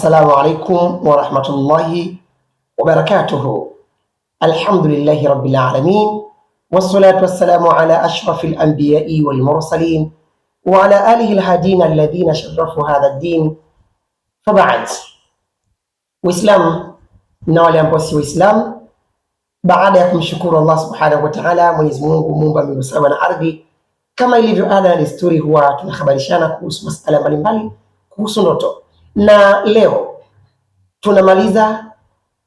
السلام عليكم ورحمة الله وبركاته الحمد لله رب العالمين والصلاة والسلام على أشرف الأنبياء والمرسلين وعلى آله الهادين الذين شرفوا هذا الدين فبعد وإسلام نوالي أنبوسي وإسلام بعد يكم شكور الله سبحانه وتعالى من يزمونه من بمسابة عربي كما يليفي آلا الستوري هو تنخبر شانا كوس مسألة مالي مالي كوس نوتو Na leo tunamaliza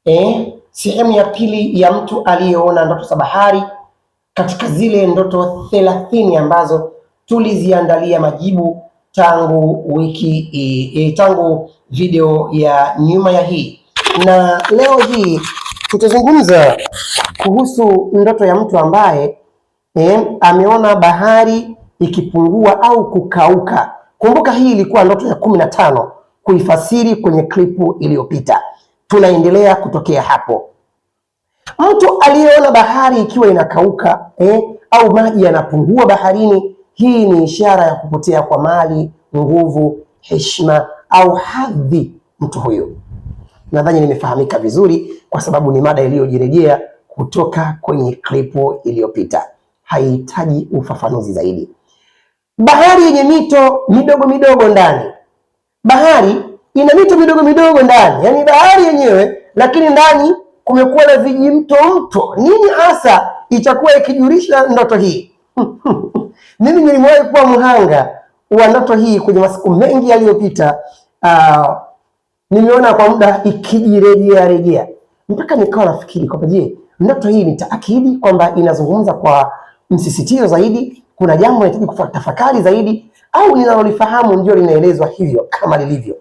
eh, sehemu ya pili ya mtu aliyeona ndoto za bahari katika zile ndoto thelathini ambazo tuliziandalia majibu tangu wiki e, tangu video ya nyuma ya hii, na leo hii tutazungumza kuhusu ndoto ya mtu ambaye eh, ameona bahari ikipungua au kukauka. Kumbuka hii ilikuwa ndoto ya kumi na tano kuifasiri kwenye klipu iliyopita. Tunaendelea kutokea hapo. Mtu aliyeona bahari ikiwa inakauka eh, au maji yanapungua baharini, hii ni ishara ya kupotea kwa mali, nguvu, heshima au hadhi mtu huyo. Nadhani nimefahamika vizuri, kwa sababu ni mada iliyojirejea kutoka kwenye klipu iliyopita, haihitaji ufafanuzi zaidi. Bahari yenye mito midogo midogo ndani bahari ina mito midogo midogo ndani, yaani bahari yenyewe, lakini ndani kumekuwa na vijimto mto. Nini hasa itakuwa ikijulisha ndoto hii? Mimi nilimwahi kuwa mhanga wa ndoto hii kwenye masiku mengi yaliyopita. Uh, ah, nimeona kwa muda ikijirejea rejea mpaka nikawa nafikiri kwamba je, ndoto hii ni taakidi kwamba inazungumza kwa msisitizo zaidi, kuna jambo inahitaji kutafakari zaidi au linalolifahamu ndio linaelezwa hivyo kama lilivyo.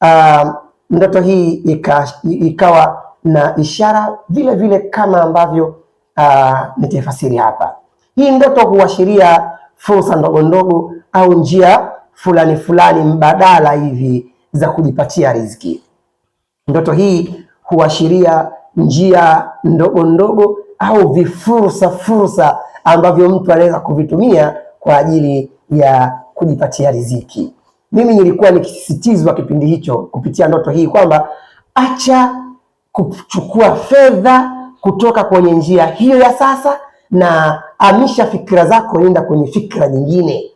Um, ndoto hii ika, ikawa na ishara vile vile kama ambavyo uh, nitafasiri hapa. Hii ndoto huashiria fursa ndogo ndogo au njia fulani fulani mbadala hivi za kujipatia riziki. Ndoto hii huashiria njia ndogo ndogo au vifursa fursa ambavyo mtu anaweza kuvitumia kwa ajili ya kujipatia riziki. Mimi nilikuwa nikisisitizwa kipindi hicho kupitia ndoto hii kwamba acha kuchukua fedha kutoka kwenye njia hiyo ya sasa na amisha fikra zako, enda kwenye fikra nyingine.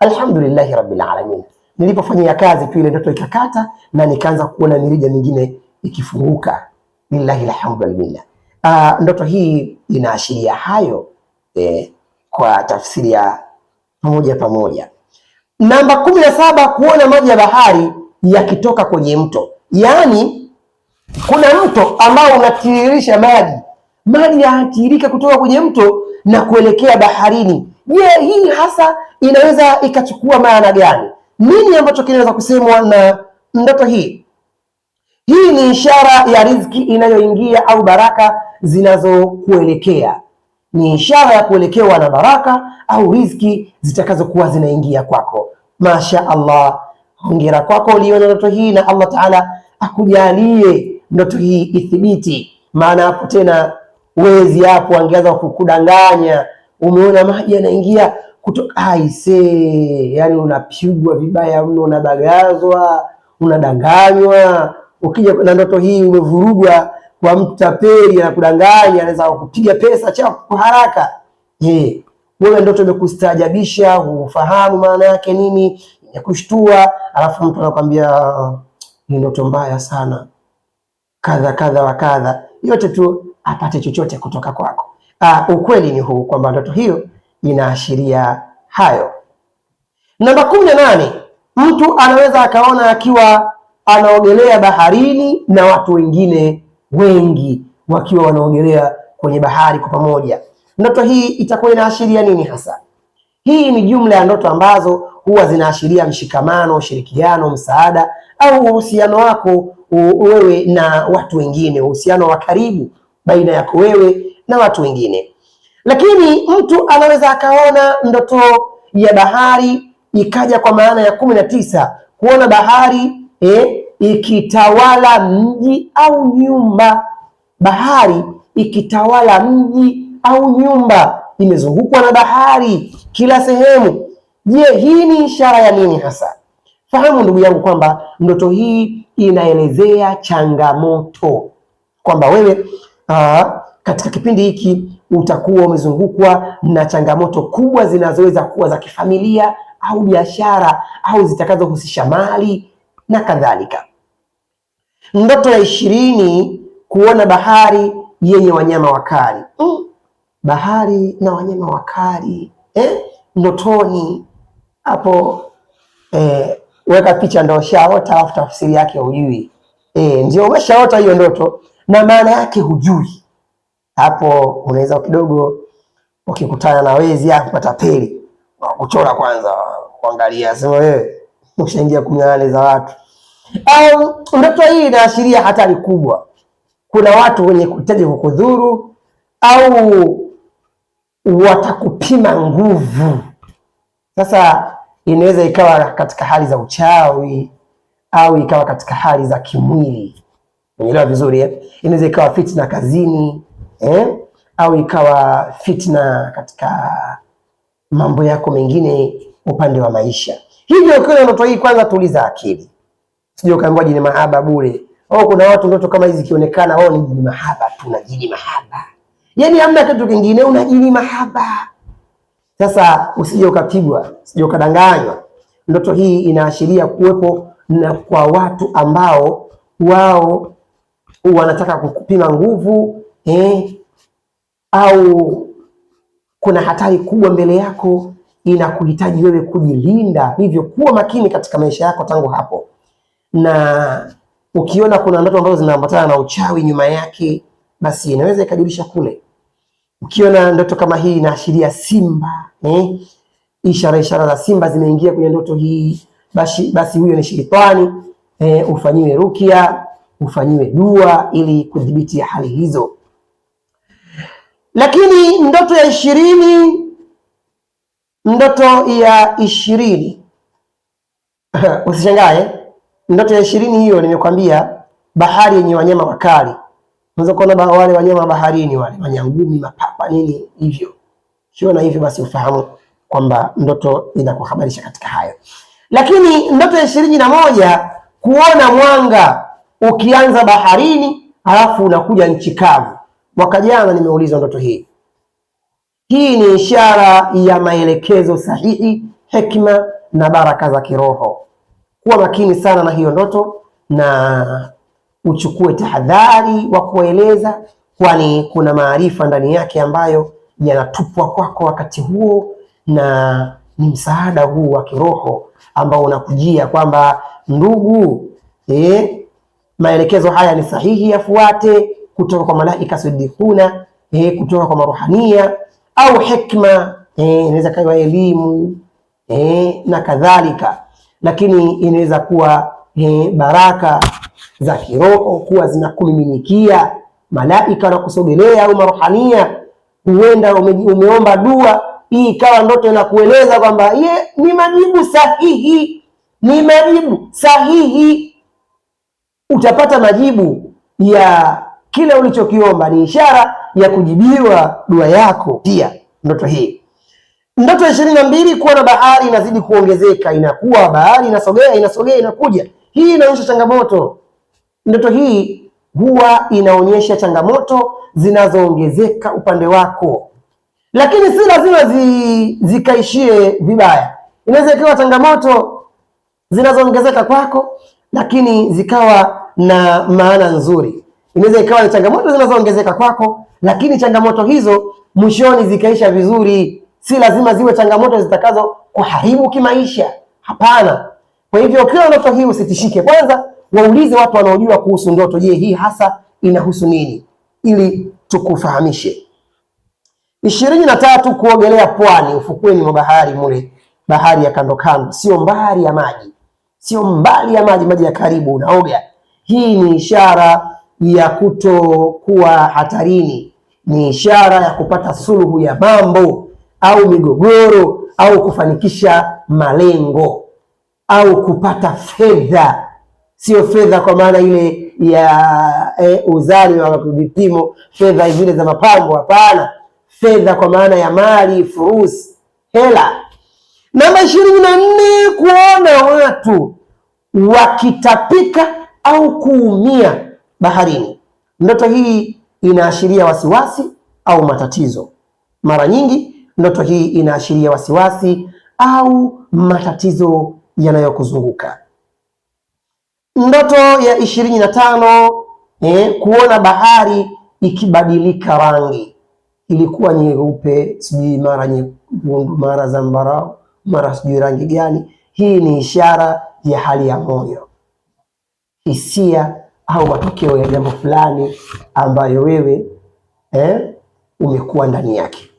Alhamdulillahi rabbil alamin, nilipofanyia kazi tu ile ndoto ikakata na nikaanza kuona mirija mingine ikifunguka. Lillahi alhamdu Uh, ndoto hii inaashiria hayo eh, kwa tafsiri ya pamoja pamoja. Namba kumi na saba, kuona maji ya bahari yakitoka kwenye mto. Yaani kuna mto ambao unatiririsha maji, maji yanatiririka kutoka kwenye mto na kuelekea baharini. Je, hii hasa inaweza ikachukua maana gani? Nini ambacho kinaweza kusemwa na ndoto hii? Hii ni ishara ya riziki inayoingia au baraka zinazokuelekea ni ishara ya kuelekewa na baraka au riziki zitakazokuwa zinaingia kwako. Masha Allah, hongera kwako uliona ndoto hii, na Allah Taala akujalie ndoto hii ithibiti. Maana hapo tena wezi hapo angeanza kukudanganya, umeona maji yanaingia kutoka aise, yani unapigwa vibaya mno, unabagazwa, unadanganywa. Ukija na ndoto hii umevurugwa kwa mtapeli tapeli anakudanganya, anaweza kukupiga pesa cha kwa haraka. Je, wewe ndoto imekustaajabisha? Hufahamu maana yake nini? Ya kushtua, alafu mtu anakuambia ah, ni ndoto mbaya sana, kadha kadha wa kadha, yote tu apate chochote kutoka kwako. Ah, ukweli ni huu kwamba ndoto hiyo inaashiria hayo. Namba kumi na nane, mtu anaweza akaona akiwa anaogelea baharini na watu wengine wengi wakiwa wanaogelea kwenye bahari kwa pamoja. Ndoto hii itakuwa inaashiria nini hasa? Hii ni jumla ya ndoto ambazo huwa zinaashiria mshikamano, ushirikiano, msaada au uhusiano wako wewe na watu wengine, uhusiano wa karibu baina yako wewe na watu wengine. Lakini mtu anaweza akaona ndoto ya bahari ikaja kwa maana ya kumi na tisa, kuona bahari eh, ikitawala mji au nyumba, bahari ikitawala mji au nyumba, imezungukwa na bahari kila sehemu. Je, hii ni ishara ya nini hasa? Fahamu ndugu yangu kwamba ndoto hii inaelezea changamoto kwamba wewe aa, katika kipindi hiki utakuwa umezungukwa na changamoto kubwa zinazoweza kuwa za kifamilia au biashara au zitakazohusisha mali na kadhalika. Ndoto ya ishirini kuona bahari yenye wanyama wakali. Mm, bahari na wanyama wakali eh, ndotoni hapo eh, weka picha ndo shaota, alafu tafsiri yake hujui eh, ndio umeshaota hiyo ndoto na maana yake hujui. Hapo unaweza kidogo, ukikutana na wezi ah, peli kuchora kwanza, kuangalia sema wewe eh, ushaingia kumi na nane za watu au eh, ndoto hii inaashiria hatari kubwa. Kuna watu wenye kuhitaji kukudhuru au watakupima nguvu. Sasa inaweza ikawa katika hali za uchawi au ikawa katika hali za kimwili, unielewa vizuri eh? Inaweza ikawa fitna kazini eh? au ikawa fitna katika mambo yako mengine, upande wa maisha. Hivyo ukiwa ndoto hii, kwanza tuliza akili sije ukaambiwa jini mahaba bure. Oh, kuna watu ndoto kama hizi zikionekana, oh, ni jini mahaba tu, na jini mahaba yaani hamna kitu kingine, una jini mahaba. Sasa usije ukapigwa, usije ukadanganywa. Ndoto hii inaashiria kuwepo na kwa watu ambao wao wanataka kukupima nguvu eh, au kuna hatari kubwa mbele yako inakuhitaji wewe kujilinda. Hivyo kuwa makini katika maisha yako tangu hapo na ukiona kuna ndoto ambazo zinaambatana na uchawi nyuma yake, basi inaweza ikajulisha kule. Ukiona ndoto kama hii inaashiria simba eh, ishara ishara za simba zimeingia kwenye ndoto hii, basi basi huyo ni shetani eh, ufanyiwe rukia, ufanyiwe dua ili kudhibiti hali hizo. Lakini ndoto ya ishirini, ndoto ya ishirini usishangae Ndoto ya ishirini hiyo nimekwambia, bahari yenye wanyama wakali. Unaweza kuona wale wanyama baharini wale manyangumi, mapapa, nini hivyo. Ukiona hivyo, basi ufahamu kwamba ndoto inakuhabarisha katika hayo. Lakini ndoto ya ishirini na moja kuona mwanga ukianza baharini halafu unakuja nchi kavu. Mwaka jana nimeulizwa ndoto hii. Hii ni ishara ya maelekezo sahihi, hekima na baraka za kiroho kuwa makini sana na hiyo ndoto na uchukue tahadhari wa kueleza, kwani kuna maarifa ndani yake ambayo yanatupwa kwako wakati huo, na ni msaada huu wa kiroho ambao unakujia kwamba ndugu, eh, maelekezo haya ni sahihi, yafuate kutoka kwa malaika sidikuna eh, kutoka kwa maruhania au hikma, eh, inaweza kawa elimu, eh, na kadhalika lakini inaweza kuwa eh, baraka za kiroho kuwa zinakumiminikia malaika na kusogelea au maruhania. Huenda ume, umeomba dua hii ikawa ndoto inakueleza kwamba ye ni majibu sahihi, ni majibu sahihi. Utapata majibu ya kile ulichokiomba, ni ishara ya kujibiwa dua yako pia ndoto hii. Ndoto ya ishirini na mbili, kuwa na bahari inazidi kuongezeka, inakuwa bahari inasogea inasogea inakuja. Hii inaonyesha changamoto. Ndoto hii huwa inaonyesha changamoto zinazoongezeka upande wako, lakini si lazima zi, zikaishie vibaya. Inaweza ikawa changamoto zinazoongezeka kwako, lakini zikawa na maana nzuri. Inaweza ikawa ni changamoto zinazoongezeka kwako, lakini changamoto hizo mwishoni zikaisha vizuri si lazima ziwe changamoto zitakazo kuharibu kimaisha. Hapana. Kwa hivyo ukiwa ndoto hii usitishike, kwanza waulize watu wanaojua kuhusu ndoto, je, hii hasa inahusu nini, ili tukufahamishe. ishirini na tatu, kuogelea pwani, ufukweni mwa bahari mule, bahari ya kando kando, sio mbali ya maji, sio mbali ya maji, maji ya karibu, unaoga. Hii ni ishara ya kutokuwa hatarini, ni ishara ya kupata suluhu ya mambo au migogoro au kufanikisha malengo au kupata fedha, sio fedha kwa maana ile ya e, uzani wa vipimo, fedha zile za mapambo, hapana. Fedha kwa maana ya mali, furusi, hela. Namba ishirini na nne, kuona watu wakitapika au kuumia baharini. Ndoto hii inaashiria wasiwasi au matatizo. Mara nyingi Ndoto hii inaashiria wasiwasi au matatizo yanayokuzunguka. Ndoto ya ishirini na tano eh, kuona bahari ikibadilika rangi, ilikuwa nyeupe, sijui mara nyekundu, mara zambarau, mara sijui rangi gani. Hii ni ishara ya hali ya moyo, hisia au matokeo ya jambo fulani ambayo wewe eh, umekuwa ndani yake.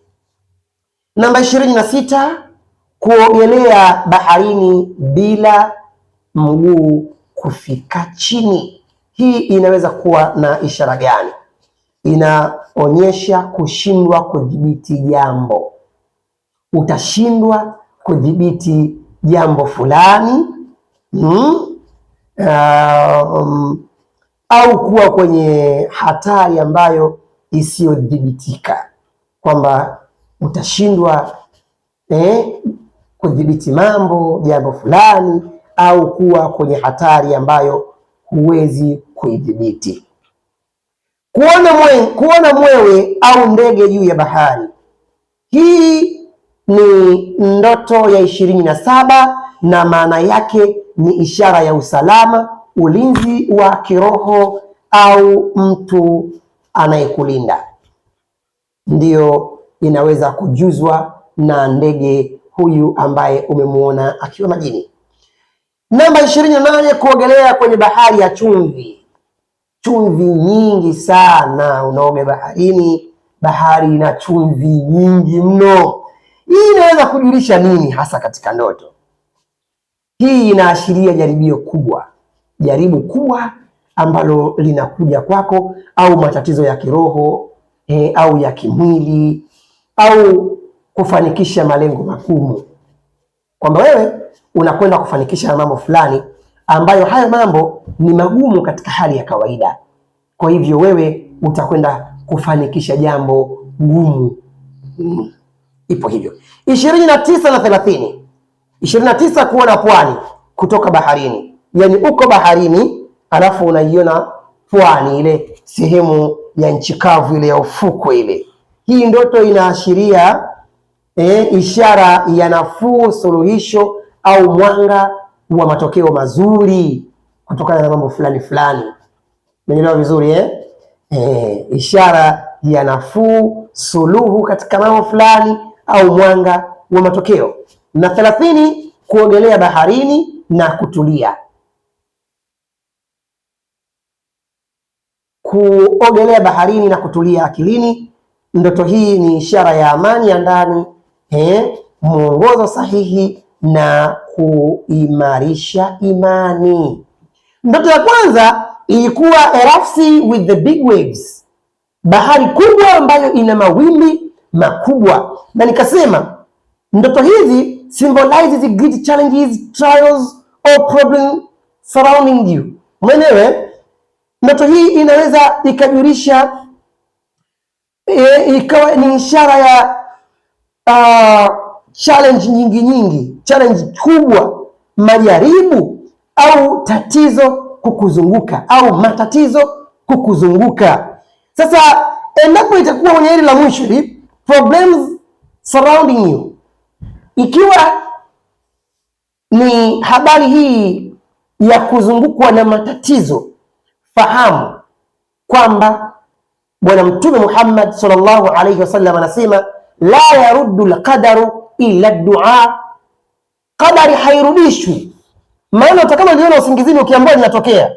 Namba ishirini na sita kuogelea baharini bila mguu kufika chini. Hii inaweza kuwa na ishara gani? Inaonyesha kushindwa kudhibiti jambo. Utashindwa kudhibiti jambo fulani hmm? Um, au kuwa kwenye hatari ambayo isiyodhibitika kwamba utashindwa eh, kudhibiti mambo jambo fulani au kuwa kwenye hatari ambayo huwezi kuidhibiti. Kuona mwe, kuona mwewe au ndege juu ya bahari, hii ni ndoto ya ishirini na saba na maana yake ni ishara ya usalama, ulinzi wa kiroho au mtu anayekulinda ndio inaweza kujuzwa na ndege huyu ambaye umemuona akiwa majini. Namba ishirini na nane, kuogelea kwenye bahari ya chumvi. Chumvi nyingi sana, unaoga baharini, bahari ina chumvi nyingi mno. Hii inaweza kujulisha nini hasa katika ndoto? Hii inaashiria jaribio kubwa, jaribu kubwa ambalo linakuja kwako, au matatizo ya kiroho eh, au ya kimwili au kufanikisha malengo magumu, kwamba wewe unakwenda kufanikisha mambo fulani ambayo hayo mambo ni magumu katika hali ya kawaida. Kwa hivyo wewe utakwenda kufanikisha jambo gumu. Mm, ipo hivyo. ishirini na tisa na thelathini. Ishirini na tisa kuona pwani kutoka baharini, yaani uko baharini alafu unaiona pwani ile sehemu ya nchi kavu ile ya ufukwe ile hii ndoto inaashiria eh, ishara ya nafuu, suluhisho au mwanga wa matokeo mazuri kutokana na mambo fulani fulani. Umeelewa vizuri eh? Eh, ishara ya nafuu, suluhu katika mambo fulani au mwanga wa matokeo. Na thelathini, kuogelea baharini na kutulia. Kuogelea baharini na kutulia akilini Ndoto hii ni ishara ya amani ya ndani, eh, mwongozo sahihi na kuimarisha imani. Ndoto ya kwanza ilikuwa a rough sea with the big waves, bahari kubwa ambayo ina mawimbi makubwa, na nikasema ndoto hizi the great challenges, trials or problem surrounding you mwenyewe. Ndoto hii inaweza ikajulisha e, ikawa ni ishara ya uh, challenge nyingi nyingi, challenge kubwa, majaribu au tatizo kukuzunguka au matatizo kukuzunguka. Sasa endapo itakuwa kwenye hili la mwisho problems surrounding you, ikiwa ni habari hii ya kuzungukwa na matatizo, fahamu kwamba Bwana Mtume Muhammad sallallahu alayhi wasallam anasema la yaruddu lqadaru illa dua, qadari hairudishwi. Maana kama liona usingizini ukiambiwa linatokea,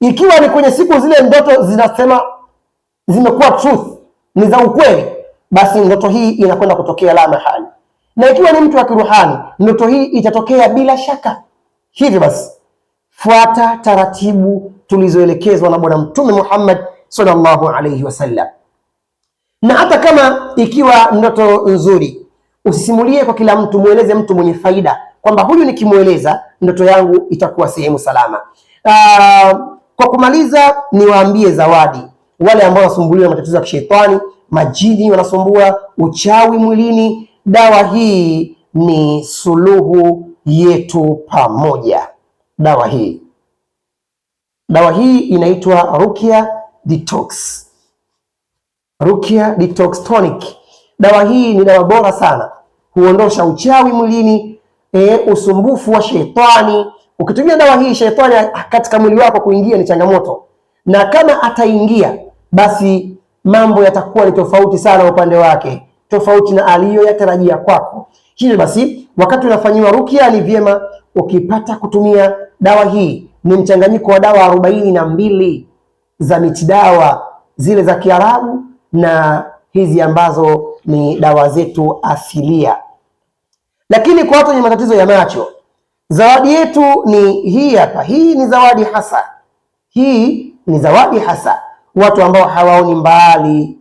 ikiwa ni kwenye siku zile ndoto zinasema zimekuwa truth, ni za ukweli, basi ndoto hii inakwenda kutokea la mahali, na ikiwa ni mtu wa kiruhani, ndoto hii itatokea bila shaka. Hivyo basi fuata taratibu tulizoelekezwa na Bwana Mtume Muhammad sallallahu alayhi wasallam. Na hata kama ikiwa ndoto nzuri, usisimulie kwa kila mtu, mweleze mtu mwenye faida kwamba huyu nikimweleza ndoto yangu itakuwa sehemu salama. Aa, ah, kwa kumaliza niwaambie zawadi wale ambao wanasumbuliwa na matatizo ya kishetani, majini wanasumbua, uchawi mwilini, dawa hii ni suluhu yetu pamoja. Dawa hii dawa hii inaitwa Rukia detox. Rukia detox tonic. Dawa hii ni dawa bora sana, huondosha uchawi mwilini, e, usumbufu wa shetani. Ukitumia dawa hii, shetani katika mwili wako kuingia ni changamoto, na kama ataingia, basi mambo yatakuwa ni tofauti sana upande wake, tofauti na aliyoyatarajia kwako. Hivyo basi, wakati unafanyiwa rukia, ni vyema ukipata kutumia dawa hii. Ni mchanganyiko wa dawa arobaini na mbili za miti dawa zile za Kiarabu na hizi ambazo ni dawa zetu asilia. Lakini kwa watu wenye matatizo ya macho, zawadi yetu ni hii hapa. Hii ni zawadi hasa, hii ni zawadi hasa watu ambao hawaoni mbali,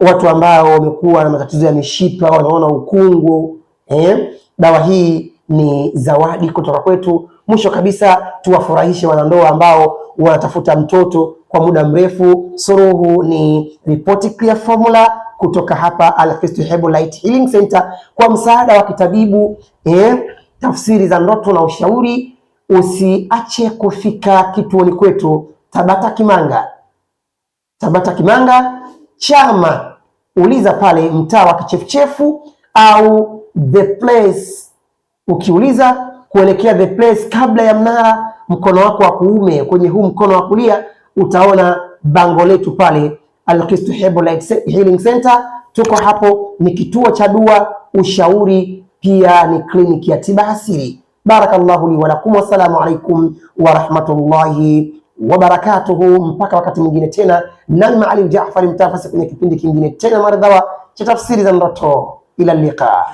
watu ambao wamekuwa na matatizo ya mishipa, wanaona ukungu eh? Dawa hii ni zawadi kutoka kwetu. Mwisho kabisa, tuwafurahishe wanandoa ambao wanatafuta mtoto kwa muda mrefu. suruhu ni Report Clear Formula kutoka hapa Herbal Light Healing Center kwa msaada wa kitabibu eh, tafsiri za ndoto na ushauri. Usiache kufika kituoni kwetu Tabata Kimanga, Tabata Kimanga Chama, uliza pale mtaa wa kichefuchefu au the place, ukiuliza kuelekea the place kabla ya mnara mkono wako wa kuume, kwenye huu mkono wa kulia utaona bango letu pale Alkristo Healing Center. Tuko hapo, ni kituo cha dua, ushauri, pia ni kliniki ya tiba asili. Barakallahu li wa lakum, wassalamu alaikum wa rahmatullahi wa barakatuhu. Mpaka wakati mwingine tena, nami Maalim Jaafar mtafasi kwenye kipindi kingine tena maridhawa cha tafsiri za ndoto. Ila liqa